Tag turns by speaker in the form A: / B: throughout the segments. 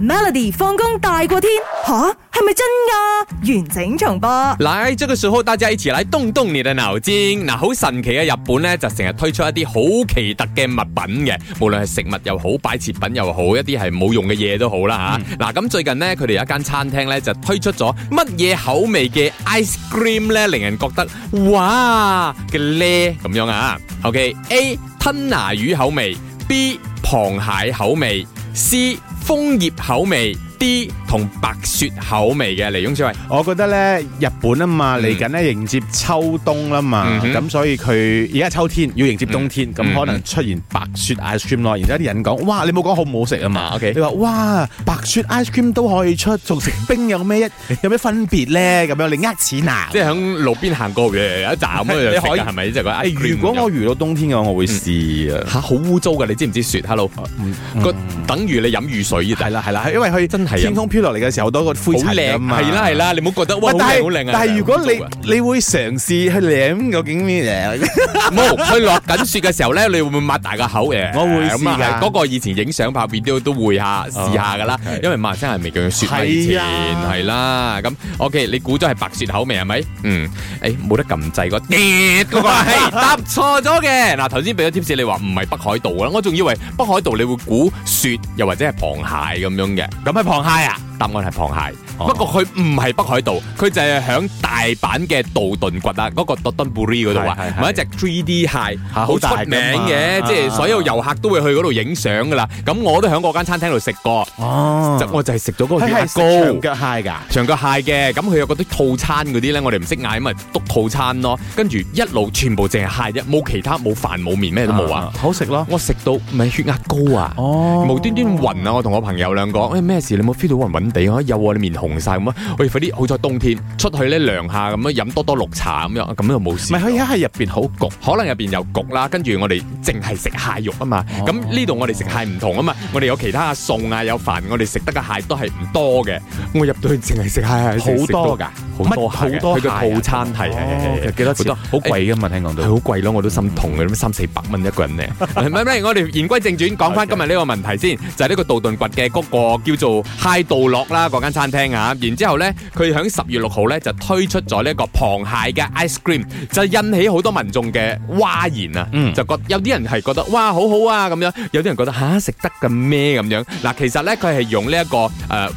A: Melody 放工大過天吓，係咪真㗎？完整重播。
B: 嗱，這個時候大家一齊來動動你嘅腦筋。嗱，好神奇啊！日本咧就成日推出一啲好奇特嘅物品嘅，無論係食物又好，擺設品又好，一啲係冇用嘅嘢都好啦吓。嗱，咁最近呢，佢哋有一間餐廳咧就推出咗乜嘢口味嘅 ice cream 咧，令人覺得哇嘅咧咁樣啊。OK，A 吞拿魚口味，B 螃蟹口味，C。楓葉口味 D。同白雪口味嘅黎永超，
A: 我覺得咧日本啊嘛嚟緊咧迎接秋冬啦嘛，咁所以佢而家秋天要迎接冬天，咁可能出現白雪 ice cream 咯。然之後啲人講：哇，你冇講好唔好食啊嘛？OK，你話哇，白雪 ice cream 都可以出，仲食冰有咩，有咩分別咧？咁樣你呃錢啊？
B: 即係響路邊行過，一盞你可以係咪？即係講如果我遇到冬天嘅話，我會試啊！嚇，好污糟嘅，你知唔知雪？Hello，個等於你飲雨水啊？係啦係啦，
A: 因為佢真係天空飄。落嚟嘅時候多個灰塵啊嘛，係啦係啦，你唔好覺得哇好好靚啊！但係如果你你會嘗試去舐究竟咩嘢？冇 去落緊雪嘅時候咧，你
B: 會唔會擘大個口嘅？我會試嘅。嗰、嗰個以前相影相拍 video 都會試下試下噶啦，哦、因為陌生係未叫過雪前。係啊，係啦。咁 OK，你估咗係白雪口味係咪？嗯，誒、欸，冇得撳掣，嗰個跌嗰、 嗰個係、欸、答錯咗嘅。嗱，頭先俾咗貼士，你話唔係北海道啦，我仲以為北海道你會估雪，又或者係螃蟹咁樣嘅。咁係螃蟹啊？答案係螃蟹，不過佢唔係北海道，佢就係響大阪嘅道頓掘啊，嗰個道頓布里嗰度啊，買一隻 3D 蟹，好出名嘅，即係所有遊客都會去嗰度影相噶啦。咁我都響嗰間餐廳度食過，我就係食咗嗰個血壓高嘅蟹噶，長腳蟹嘅。咁佢有嗰啲套餐嗰啲咧，我哋唔識嗌，咁咪督套餐咯。跟住，一路全部淨係蟹啫，冇其他，冇飯，冇麵，咩都冇啊。好食咯，我食到唔係血壓高啊，無端端暈啊！我同我朋友兩個，誒，咩事？你冇 feel 到暈唔暈？地我有喎，你面紅晒咁啊！喂，快啲，好彩冬天出去咧涼下咁樣，飲多多綠茶咁樣，咁就冇事。唔係，佢而家喺入邊好焗，可能入邊又焗啦。跟住我哋淨係食蟹肉啊嘛。咁呢度我哋食蟹唔同啊嘛，我哋有其他餸啊，有飯，我哋食得嘅蟹都係唔多嘅。我入到去淨係食蟹，蟹好多噶。好多係，佢嘅套餐係幾、哦、多錢？好多好貴㗎嘛，聽講到係好貴咯，我都心痛嘅，咁、嗯、三四百蚊一個人咧。唔係唔係，我哋言歸正傳講翻今日呢個問題先，Okay. 就係呢個道頓堀嘅嗰個叫做蟹道樂啦，嗰間餐廳啊。然之後咧，佢響十月六號咧就推出咗呢個螃蟹嘅 ice cream，就引起好多民眾嘅嘩然啊。嗯，就覺有啲人係覺得哇好好啊咁樣，有啲人覺得吓食得嘅咩咁樣，嗱，其實咧佢係用呢、這、一個誒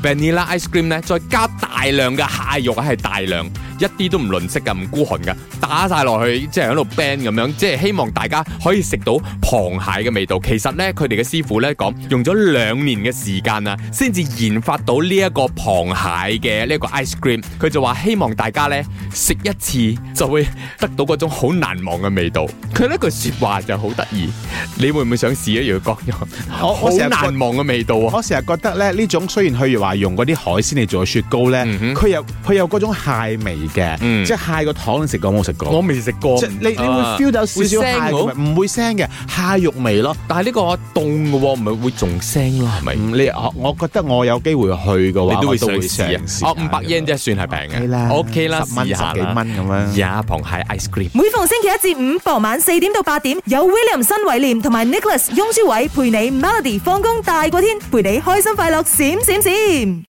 B: vanilla ice cream 咧，再、呃、加大量嘅蟹肉係大量。一啲都唔吝惜噶，唔孤寒噶，打晒落去，即係喺度 ban 咁樣，即係希望大家可以食到螃蟹嘅味道。其實咧，佢哋嘅師傅咧講，用咗兩年嘅時間啊，先至研發到呢一個螃蟹嘅呢一個 ice cream。佢就話希望大家咧食一次就會得到嗰種好難忘嘅味道。佢呢句說話就好得意，
A: 你會唔會想試一試佢講嘅？好難忘嘅味道啊！我成日覺得咧呢種雖然佢話用嗰啲海鮮嚟做嘅雪糕咧，佢有佢有嗰種蟹味。嘅，即係蟹個糖你食過冇食過？我未食過，即你你會 feel 到少少蟹唔唔會腥嘅蟹肉味咯。但係呢個凍嘅，唔係會仲腥咯，係咪？你我我覺得我有機會去嘅話，你都會嘗試。哦，
B: 五百円即係算係平嘅，OK 啦，十蚊十幾蚊咁樣。呀，螃蟹 ice cream。
A: 每逢星期一至五傍晚四點到八點，有 William 新偉廉同埋 Nicholas 雍舒偉陪你 Melody 放工大過天，陪你開心快樂閃閃閃。